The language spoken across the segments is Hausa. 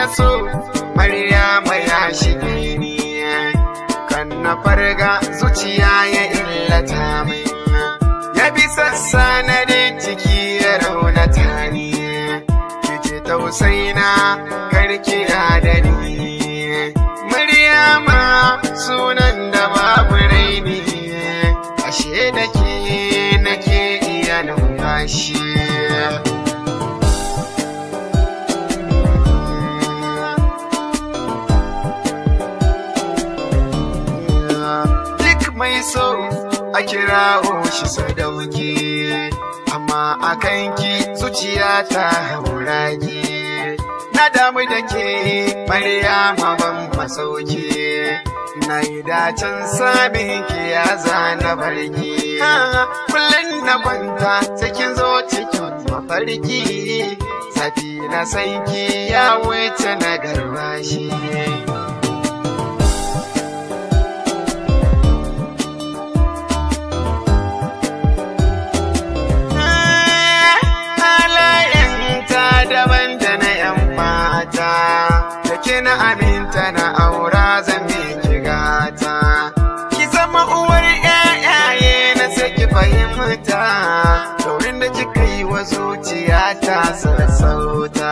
na so Mariya mai shige ni kan na farga zuciya ya illata mai ya bi sassa na da ciki ya raunata ni kike tausaina karki da ni Maryama sunan da babu ne ashe nake nake iya numfashi kira o shi sadauki amma a kanki zuciya ta hauraki na damu da ke maryama ban masauki na yi dacin sabin ki ya zana barki kullum na kwanta cikin zo cikin mafarki safi na sanki ya wuce na garbashi aminta na aura zan miki gata ki zama uwar yayaye na saki fahimta taurin da kika yi wa zuciyata sassauta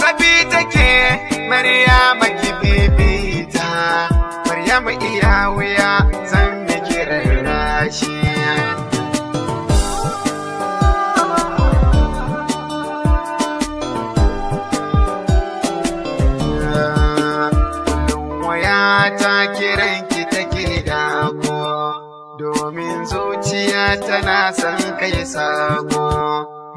sabi take maryama ki bibita maryama iya mata kiranki ki take da ko domin zuciya tana son kai sako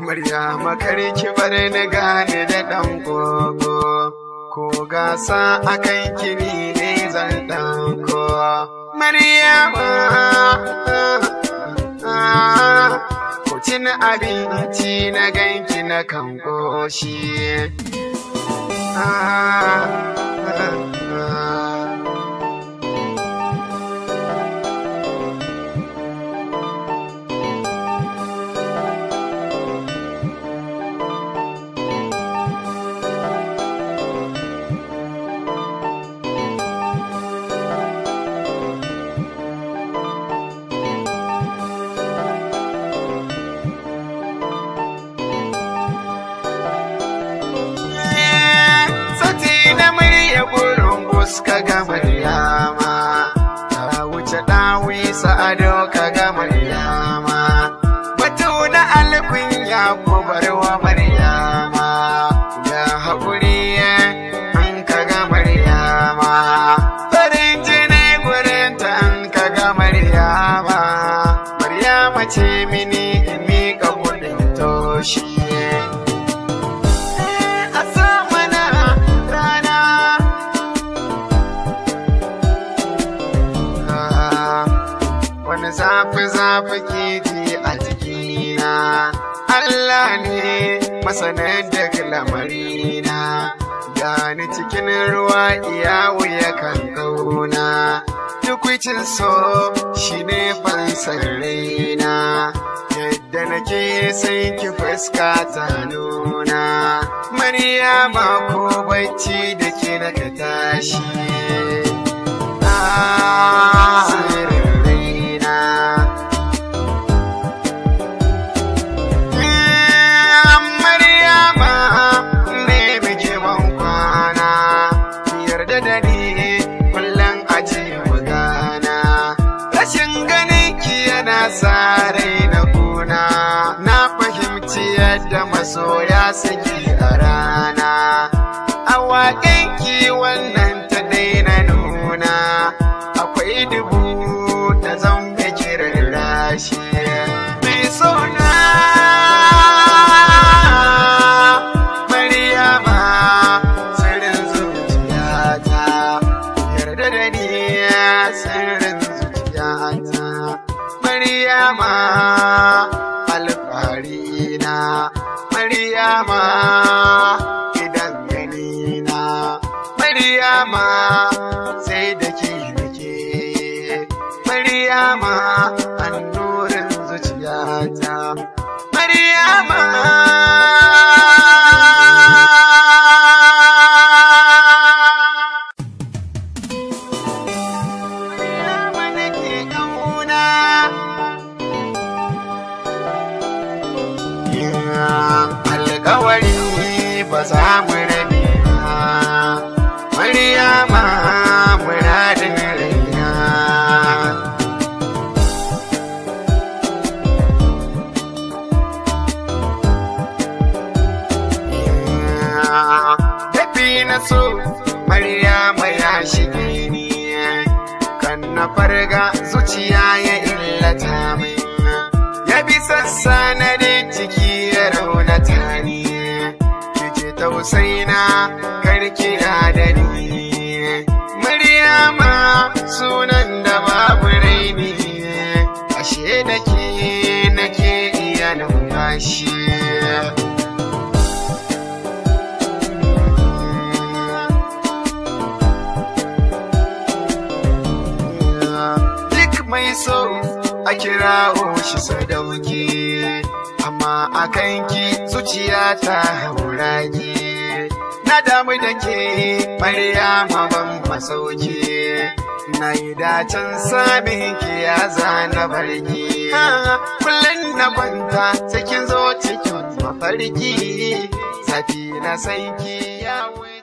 murya makarki bar ni gane da dan gogo ko gasa akan kini ne zan dan ko maryama cin abinci na ganki na kan goshi. Ah, ah, ah. cagar, fake ji a jikina Allah ne masanar da lamarina gani cikin ruwa iyawu yakan kan gauna tukwicin so shi ne fansar raina yadda nake sai ki fuska ta nuna ma ko bacci da ke ka tashi ah, so ya saki a rana a waƙenki wannan ta daina nuna akwai dubu da zan jirar kiran rashi mai sona maryama sirrin ta yarda da ni sirrin zuciyata maryama Maryama sai da ke nake Maryama annurin zuciyata Maryama Alƙawarin ba za mu zama muradin raina Dabi marya maya Maryama ya shige ni kan na farga zuciya ya illata min ya bi sassa na jiki ya raunata ni ki ce tausaina ƙarshe duk mai so a kirawo shi sadauki amma a kanki zuciya ta hauraki na damu da ke maryama ban masauki na yi dacin sabi ya zana bargi kullum na kwanta cikin zo cikin mafarki safina na sanki ya